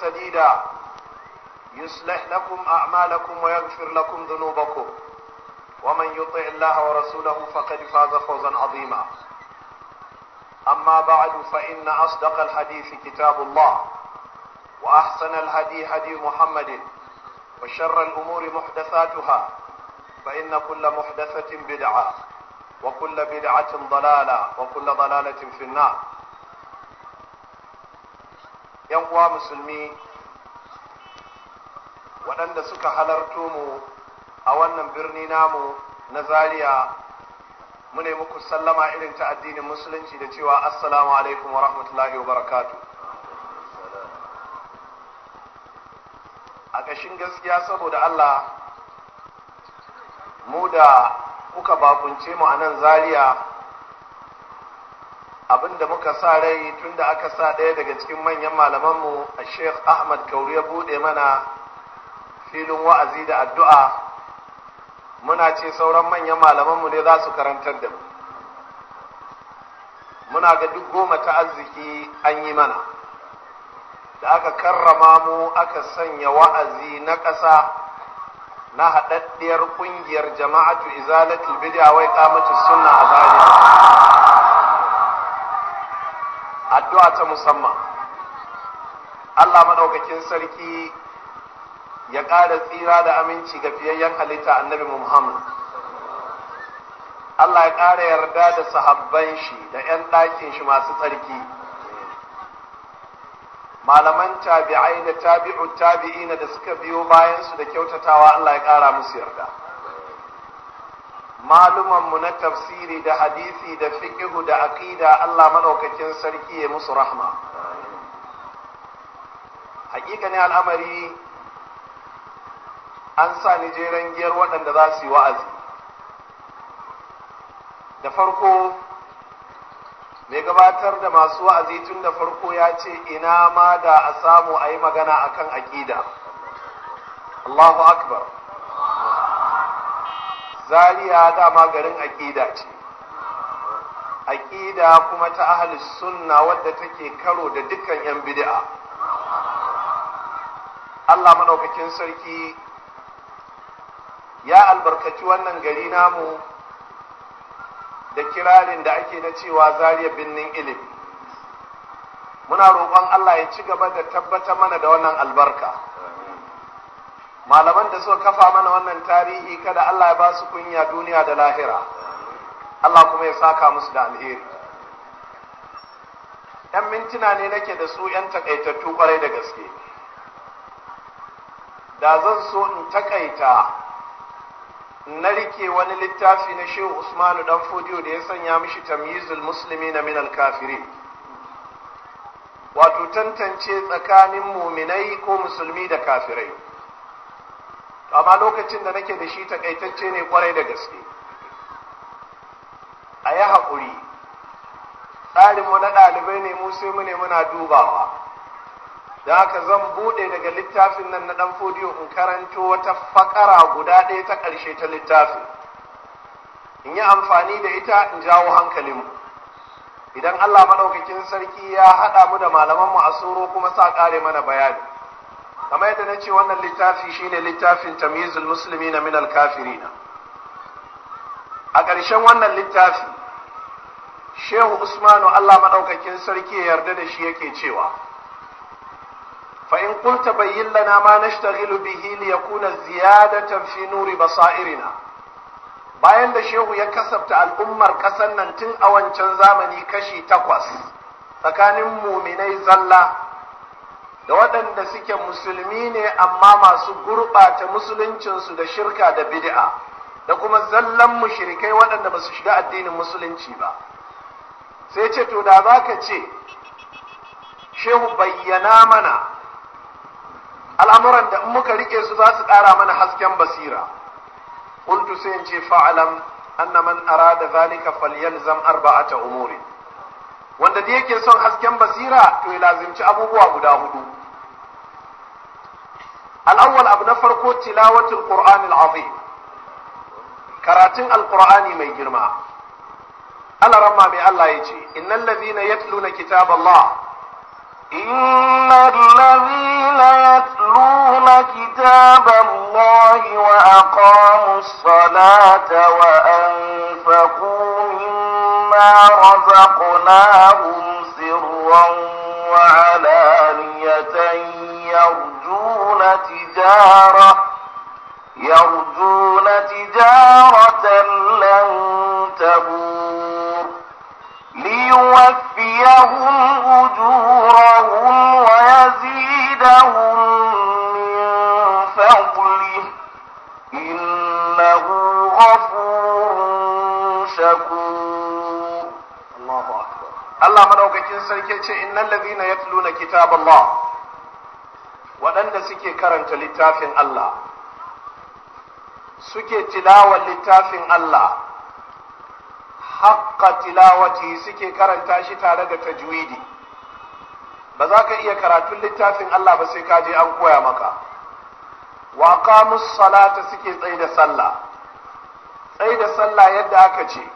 سديدا يصلح لكم أعمالكم ويغفر لكم ذنوبكم ومن يطع الله ورسوله فقد فاز فوزا عظيما أما بعد فإن أصدق الحديث كتاب الله وأحسن الهدي هدي محمد وشر الأمور محدثاتها فإن كل محدثة بدعة وكل بدعة ضلالة وكل ضلالة في النار yan uwa musulmi waɗanda suka halarto mu a wannan birni namu na Zariya, mu ne muku sallama irin ta addinin musulunci da cewa assalamu alaikum wa rahmatullahi wa barakatu a ƙashin gaskiya saboda allah mu da kuka bakunce mu a nan zaria Abin da muka sa rai tun da aka sa ɗaya daga cikin manyan malamanmu a sheikh ahmad kauri ya buɗe mana filin wa'azi da addu'a muna ce sauran manyan malamanmu ne za su karantar da mu muna ga duk goma ta arziki an yi mana da aka karrama mu aka sanya wa'azi na ƙasa na haɗaɗɗiyar ƙungiyar jama'atu izalatul bid'a wai kamatu sunna a zahiri addu'a ta musamman Allah madaukakin sarki ya ƙara tsira da aminci ga fiyayyen halitta annabi Muhammad Allah ya ƙara yarda da sahabban shi da 'yan ɗakin shi masu tsarki malaman tabi'ai da tabi'u tabi'ina da suka biyo bayansu da kyautatawa Allah ya ƙara musu yarda malumanmu na tafsiri da hadisi da fikihu da aqida Allah madaukakin sarki ya musu rahma hakika ne al'amari an sa ni jeran giyar waɗanda za su yi wa'azi da farko mai gabatar da masu wa'azi tun da farko ya ce ina ma da a samu a yi magana akan aqida Allahu akbar zariya dama garin aƙida ce aƙida kuma ta ahalis sunna wadda take karo da dukkan 'yan bid'a Allah maɗaukakin sarki ya albarkaci wannan gari namu da kirarin da ake na cewa zariya binnin ilimi muna roƙon Allah ya ci gaba da tabbata mana da wannan albarka malaman da suka kafa mana wannan tarihi kada Allah ya ba su kunya duniya da lahira Allah kuma ya saka musu da alheri ‘yan mintuna ne nake da su ‘yan takaitattu kwarai da gaske da zan so in takaita na rike wani littafi na shehu usmanu dan fudiyo da ya sanya mishi tamyizul musulmi na minal kafiri wato tantance tsakanin muminai ko musulmi da kafirai amma lokacin da nake da shi takaitacce ne kwarai da gaske a yi haƙuri tsarinmu na ɗalibai ne mu sai mu muna dubawa da haka zan buɗe daga littafin nan na ɗan fodiyo in karanto wata faƙara guda ɗaya ta ƙarshe ta littafin in yi amfani da ita in jawo hankalinmu idan allah maɗaukakin sarki ya haɗa mu da malamanmu a tsoro kuma sa ƙare mana bayani kamar yadda na ce wannan littafi shine littafin tamyizul na min al-kafirina a ƙarshen wannan littafi shehu usmanu allah maɗaukakin sarki ya yarda da shi yake cewa fain in qulta bayyin lana ma nashtaghilu bihi li yakuna ziyadatan fi nuri basairina bayan da shehu ya kasabta al'ummar ƙasar nan tun a wancan zamani kashi takwas tsakanin muminai zalla da waɗanda suke musulmi ne amma masu gurɓata musuluncinsu da shirka da bid'a da kuma zallan mushrikai waɗanda ba su shiga addinin musulunci ba sai ce to da za ka ce shehu bayyana mana al'amuran da in muka rike su za su ƙara mana hasken basira qultu sai in ce fa'alam anna man arada zalika falyalzam umuri wanda da yake son hasken basira to ya lazimci abubuwa guda hudu al'awwal abu na farko tilawatul qur'anil azim karatun alqur'ani mai girma Allah ramma mai Allah ya ce innal ladhina yatluna kitaballah innal ladhina yatluna kitaballah wa aqamus salata wa anfaqu mimma رزقناهم سرا وعلانية يرجون تجارة يرجون تجارة لن تبور ليوفيهم أجورهم ويزيدهم من فضله إنه غفور شكور Allah madaukakin sarki ce innal ladina yatluna kitaballah waɗanda suke karanta littafin Allah suke tilawar littafin Allah haƙƙa tilawati suke karanta shi tare da tajwidi ba za ka iya karatun littafin Allah ba sai ka je an koya maka wa qamus salata suke tsaye da sallah tsaye da sallah yadda aka ce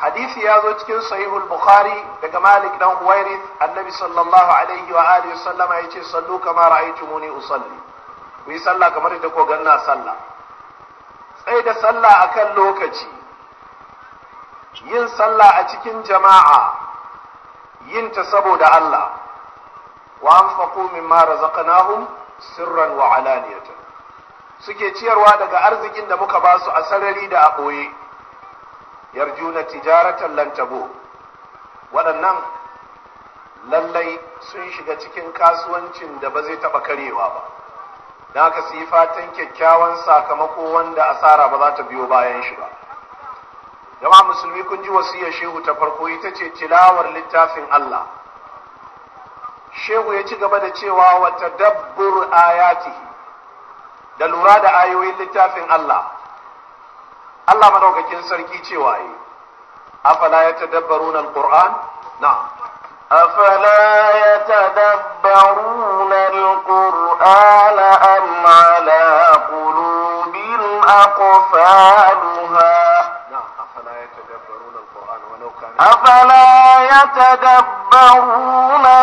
hadisi ya zo cikin sahihul bukhari daga malik dan huwairith annabi sallallahu alaihi wa alihi sallama yace sallu kama ra'aytumuni usalli ku yi sallah kamar da ko ganna sallah sai da sallah akan lokaci yin sallah a cikin jama'a yin ta saboda Allah wa anfaqu mimma razaqnahum sirran wa alaniyatan suke ciyarwa daga arzikin da muka ba su a sarari da a ɓoye yarjuna tijaratan lan tabo waɗannan lallai sun shiga cikin kasuwancin da ba zai taɓa karewa ba don haka su yi fatan kyakkyawan sakamako wanda asara ba za ta biyo bayan shi ba jama'a musulmi kun ji wasiyar shehu ta farko ita ce tilawar littafin Allah shehu ya ci gaba da cewa wata dabbur ayatihi da lura da ayoyin littafin Allah Allah madaukakin sarki cewa yi afala ya tadabbaruna alquran na'am أفلا يتدبرون alquran am ala qulubin أقفالها أفلا يتدبرون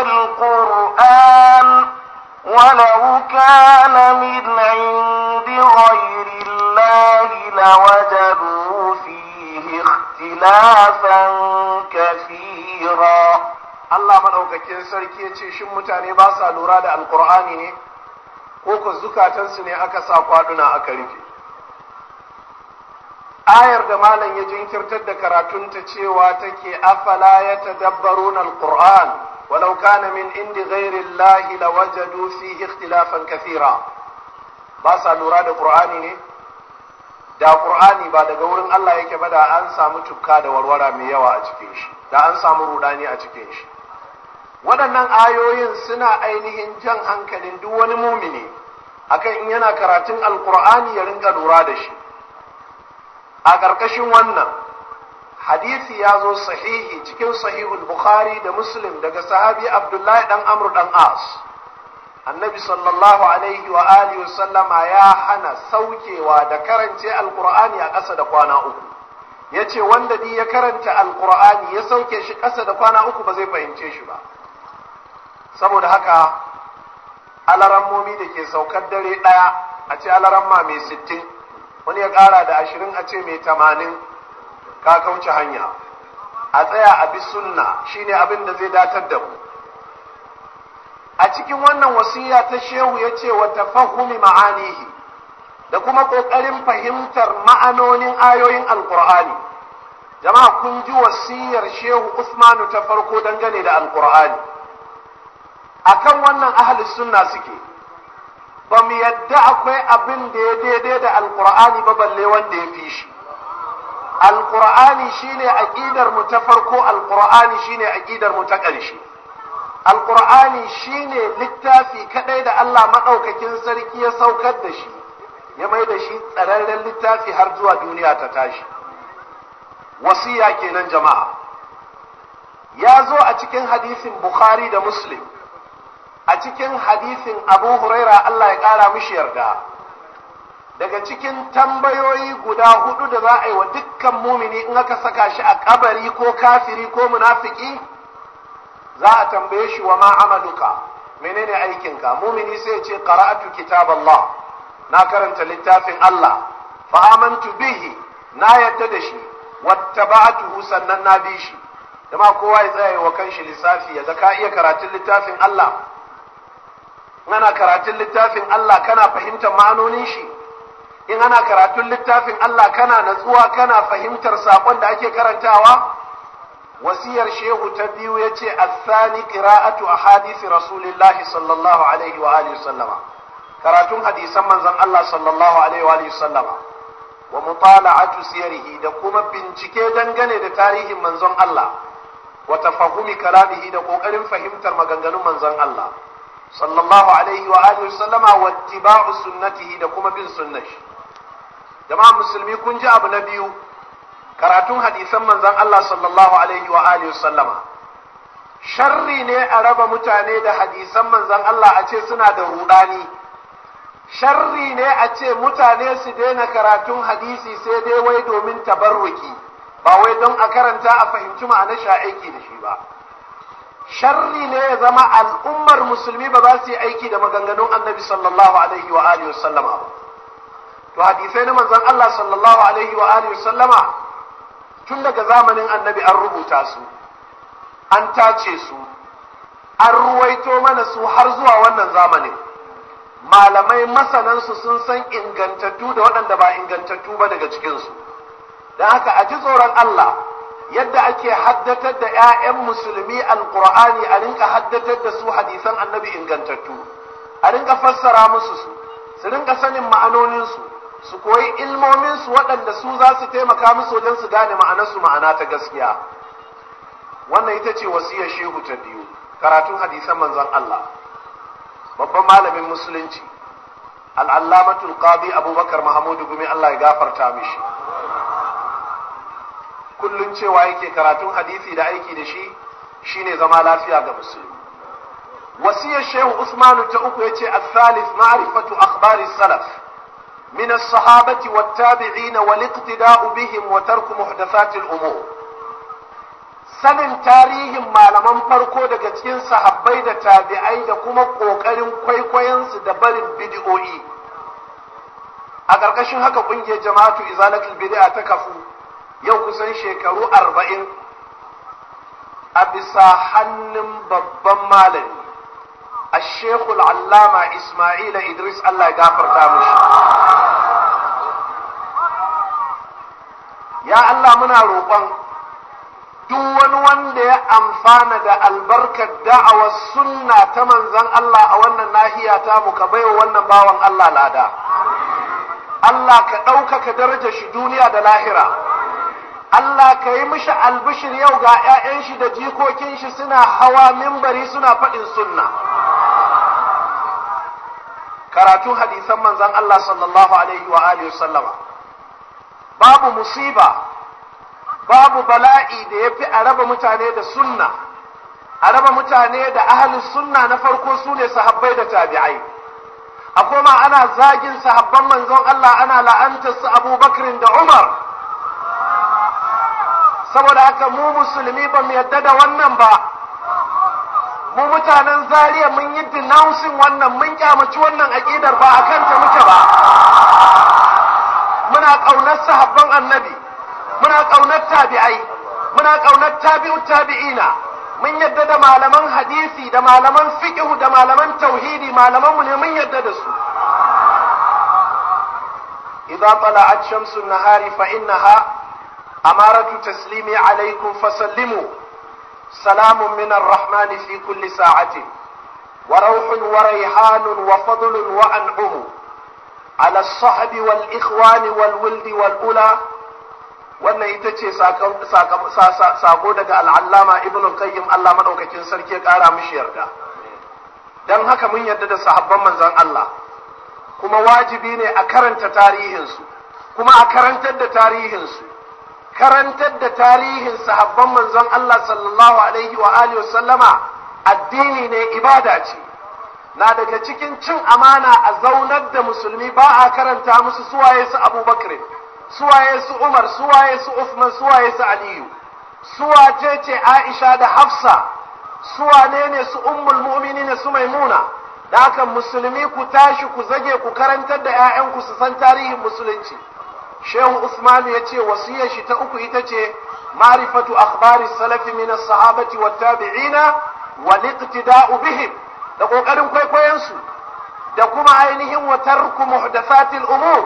القرآن ولو كان من عند غير الله النار لوجدوا فيه اختلافا كثيرا Allah maɗaukakin sarki ya ce shin mutane ba sa lura da Alƙur'ani ne ko ku ne aka sa kwaɗuna aka rufe ayar da malam ya jinkirtar da karatunta cewa take afala ya tadabbaruna alquran walau kana min indi ghairi llahi lawajadu fihi ikhtilafan kathira ba sa lura da qur'ani ne da qur'ani ba daga wurin Allah yake ba da an samu tukka da warwara mai yawa a cikin shi da an samu rudani a cikin shi waɗannan ayoyin suna ainihin jan hankalin duk wani mumini akan in yana karatun alqur'ani ya rinka lura da shi a ƙarƙashin wannan hadisi ya zo sahihi cikin sahihul bukhari da muslim daga sahabi abdullahi dan amr dan as annabi sallallahu alaihi wa alihi wa sallama ya hana saukewa da karance alqur'ani a ƙasa da kwana uku yace wanda ni ya karanta alqur'ani ya sauke shi ƙasa da kwana uku ba zai fahimce shi ba saboda haka alarammomi da ke saukar dare ɗaya a ce alaramma mai sittin wani ya ƙara da ashirin a ce mai tamanin ka kauce hanya a tsaya a bi sunna shine abin da zai datar da mu a cikin wannan wasiya ta shehu ya ce wa tafahumi ma'anihi da kuma ƙoƙarin fahimtar ma'anonin ayoyin alƙur'ani jama'a kun ji wasiyar shehu usmanu ta farko dangane da alƙur'ani akan wannan ahalus sunna suke ba mu yadda akwai abin da ya daidai da alƙur'ani ba balle wanda ya fi shi alƙur'ani shine aƙidar mu ta farko alƙur'ani shine aƙidar mu ta ƙarshe alƙur'ani shine littafi kaɗai da Allah maɗaukakin sarki ya saukar da shi ya mai da shi tsararren littafi har zuwa duniya ta tashi wasiya kenan jama'a ya zo a cikin hadisin bukhari da muslim a cikin hadisin abu huraira Allah ya ƙara mishi yarda daga cikin tambayoyi guda hudu da za a yi wa dukkan mumini in aka saka shi a kabari ko kafiri ko munafiki za a tambaye shi wa ma amaluka menene aikinka mumini sai ce qara'atu kitab Allah na karanta littafin Allah fa amantu bihi na yadda da shi wattaba'atuhu sannan na bi shi dama kowa ya tsaya wa kanshi lissafi ya ka iya karatun littafin Allah ana karatun littafin Allah kana fahimtar ma'anonin shi in ana karatun littafin Allah kana natsuwa kana fahimtar sakon da ake karantawa wasiyar shehu ta biyu ya ce a qira'atu ahadisi rasulillahi sallallahu alaihi wa alihi sallama karatun hadisan manzon Allah sallallahu alaihi wa alihi sallama wa mutala'atu siyarihi da kuma bincike dangane da tarihin manzon Allah wa tafahumi kalamihi da kokarin fahimtar maganganun manzon Allah sallallahu alaihi wa alihi sallama wa ittiba'u sunnatihi da kuma bin sunnashi jama'a musulmi kun ji abu na biyu karatun hadisan manzon Allah sallallahu alaihi wa alihi sallama sharri ne a raba mutane da hadisan manzon Allah a ce suna da rudani sharri ne a ce mutane su daina karatun hadisi sai dai wai domin tabarruki ba wai don a karanta a fahimci ma'anar shi aiki da shi ba sharri ne ya zama al'ummar musulmi ba za su yi aiki da maganganun annabi sallallahu alaihi wa alihi sallama ba to hadisai na manzon Allah sallallahu alaihi wa alihi sallama tun daga zamanin annabi an rubuta su an tace su an ruwaito mana su har zuwa wannan zamanin malamai masanansu sun san ingantattu da waɗanda ba ingantattu ba daga cikinsu don haka a ji tsoron Allah yadda ake haddatar da 'ya'yan musulmi alkur'ani a rinka haddatar da su hadisan annabi ingantattu a rinka fassara musu su su rinka sanin ma'anoninsu su koyi ilmominsu waɗanda su za su taimaka musu wajen su gane ma'anarsu ma'ana ta gaskiya wannan ita ce wasiyar shehu ta biyu karatun hadisan manzon Allah babban malamin musulunci al'allamatul qadi abubakar Mahmudu gumi Allah ya gafarta mishi kullum cewa yake karatun hadisi da aiki da shi shine zama lafiya ga musulmi wasiyar shehu usmanu ta uku ya ce al-thalith ma'rifatu akhbari salaf من الصحابة والتابعين والاقتداء بهم وترك محدثات الأمور sanin tarihin malaman farko daga cikin sahabbai da tabi'ai da kuma ƙoƙarin kwaikwayonsu da barin bidi'o'i a ƙarƙashin haka ƙungiyar jama'atu izalatul bid'a ta kafu yau kusan shekaru arba'in a bisa hannun babban malami a shekul allama ismaila idris allah ya gafarta mushi ya Allah muna roƙon duk wani wanda ya amfana da albarkar da'awar sunna ta manzan Allah a wannan nahiya ta mu ka baiwa wannan bawan Allah lada Allah ka ɗaukaka daraja shi duniya da lahira Allah ka yi mishi albishir yau ga 'ya'yan shi da jikokin shi suna hawa mimbari suna faɗin sunna karatun hadisan manzan Allah sallallahu alaihi wa alihi sallama babu musiba babu bala'i da ya fi a raba mutane da sunna a raba mutane da ahalin sunna na farko su ne sahabbai da tabi'ai a koma ana zagin sahabban manzon Allah ana la'antar su abubakar da umar saboda haka mu musulmi ba mu yadda da wannan ba mu mutanen zariya mun yi denouncing wannan mun kyamaci wannan aƙidar ba a kanta صحابان النبي من قاونا التابعي من قاونا التابع التابعين من يدد معلما حديثي ده معلما فقه ده معلما توحيدي معلما من يدد إذا طلعت شمس النهار فإنها أمارة تسليمي عليكم فسلموا سلام من الرحمن في كل ساعة وروح وريحان وفضل وأنعم ala sahabi wal ikhwani wal wildi wal ula wannan ita ce sako daga al'allama ibn qayyim Allah maɗaukakin sarki ya kara mishi yarda dan haka mun yarda da sahabban manzon Allah kuma wajibi ne a karanta tarihinsu kuma a karantar da tarihinsu karantar da tarihin sahabban manzon Allah sallallahu wa alihi addini ne ibada ce na daga cikin cin amana a zaunar da musulmi ba a karanta musu suwaye su abubakar suwaye su umar suwaye su usman suwaye su aliyu suwa ce ce aisha da hafsa suwa ne ne su ummul mu'mini ne su maimuna da haka musulmi ku tashi ku zage ku karantar da 'ya'yanku su san tarihin musulunci shehu usman ya ce wasiyar shi ta uku ita ce ma'rifatu akhbari salafi min as-sahabati wat-tabi'ina wal iqtida'u bihim da ƙoƙarin kwaikwayensu da kuma ainihin watar tarku muhdathatil umur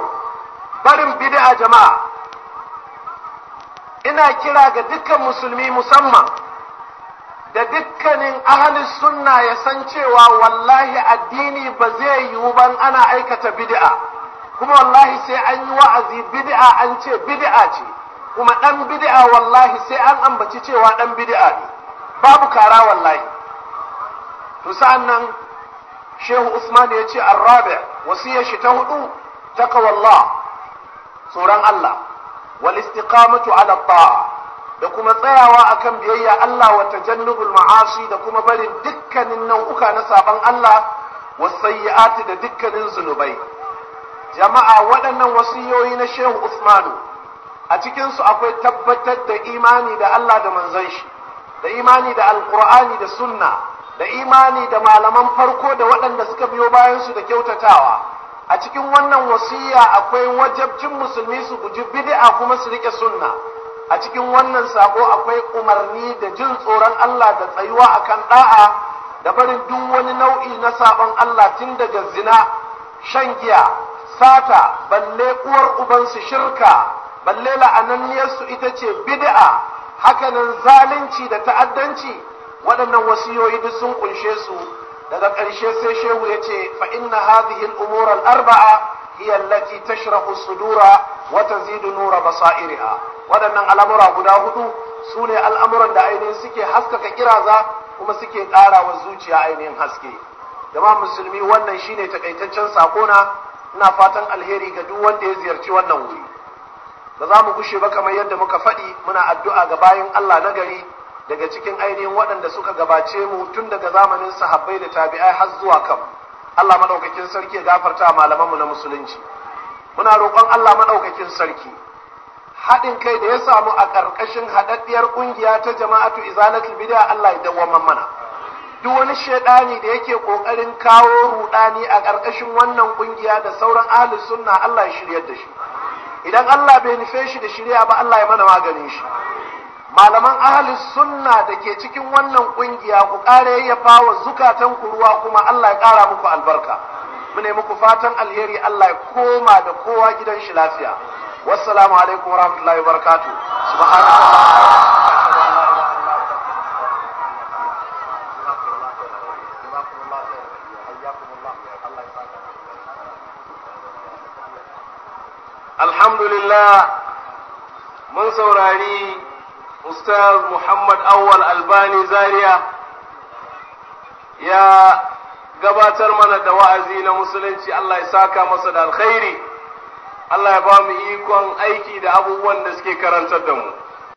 barin bid'a jama'a ina kira ga dukkan musulmi musamman da dukkanin ahalin sunna ya san cewa wallahi addini ba zai yiwu ban ana aikata bid'a kuma wallahi sai an yi wa'azi bid'a an ce bid'a ce kuma dan bid'a wallahi sai an ambaci cewa dan bid'a ne babu kara wallahi to sa'an nan shehu usman ya ce arrabe wasiyar shi ta hudu takawallah tsoron allah wal istiqamatu ala da kuma tsayawa a kan biyayya Allah wa jannubul ma'asi da kuma barin dukkanin nau'uka na sabon Allah wasayyi'ati da dukkanin zunubai jama'a waɗannan wasiyoyi na Shehu Usmanu a cikinsu akwai tabbatar da imani da Allah da manzanshi, da imani da alkur'ani da sunna da imani da malaman farko da waɗanda suka biyo bayansu da kyautatawa a cikin wannan wasiya akwai wajabcin musulmi su guji bid'a kuma su rike sunna a cikin wannan sako akwai umarni da jin tsoron Allah da tsayuwa akan da'a da barin duk wani nau'i na sabon Allah tun daga zina shan giya sata balle uwar ubansu shirka balle la'ananniyarsu ita ce bid'a hakanan zalunci da ta'addanci waɗannan wasiyoyi duk sun kunshe su daga ƙarshe sai shehu ya ce fa inna hadhihi al umura al-arba'a hiya allati tashrahu sudura wa tazidu nura basairiha waɗannan al'amura guda hudu su ne al'amuran da ainihin suke haskaka kiraza kuma suke ƙara wa zuciya ainihin haske jama'a musulmi wannan shine takaitaccen sako na. ina fatan alheri ga duk wanda ya ziyarci wannan wuri ba za mu gushe ba kamar yadda muka faɗi muna addu'a ga bayan Allah na gari daga cikin ainihin waɗanda suka gabace mu tun daga zamanin sahabbai da tabi'ai har zuwa kan Allah maɗaukakin sarki ya gafarta malamanmu na musulunci muna roƙon Allah maɗaukakin sarki haɗin kai da ya samu a ƙarƙashin haɗaɗɗiyar ƙungiya ta jama'atu izalatul bid'a Allah ya dawwama mana duk wani shaidani da yake ƙoƙarin kawo ruɗani a ƙarƙashin wannan ƙungiya da sauran ahlus sunna Allah ya shiryar da shi idan Allah bai nufe shi da shirya ba Allah ya mana maganin shi malaman ahli sunna da ke cikin wannan kungiya ku ƙara yayyafa wa zukatan ku ruwa kuma Allah ya kara muku albarka mu ne muku fatan alheri Allah ya koma da kowa gidan shi lafiya wassalamu alaikum warahmatullahi wabarakatuh subhanallahi Alhamdulillah mun saurari ustaz muhammad awwal albani zaria ya gabatar mana da wa'azi na musulunci allah ya saka masa da alkhairi allah ya ba mu ikon aiki da abubuwan da suke karantar da mu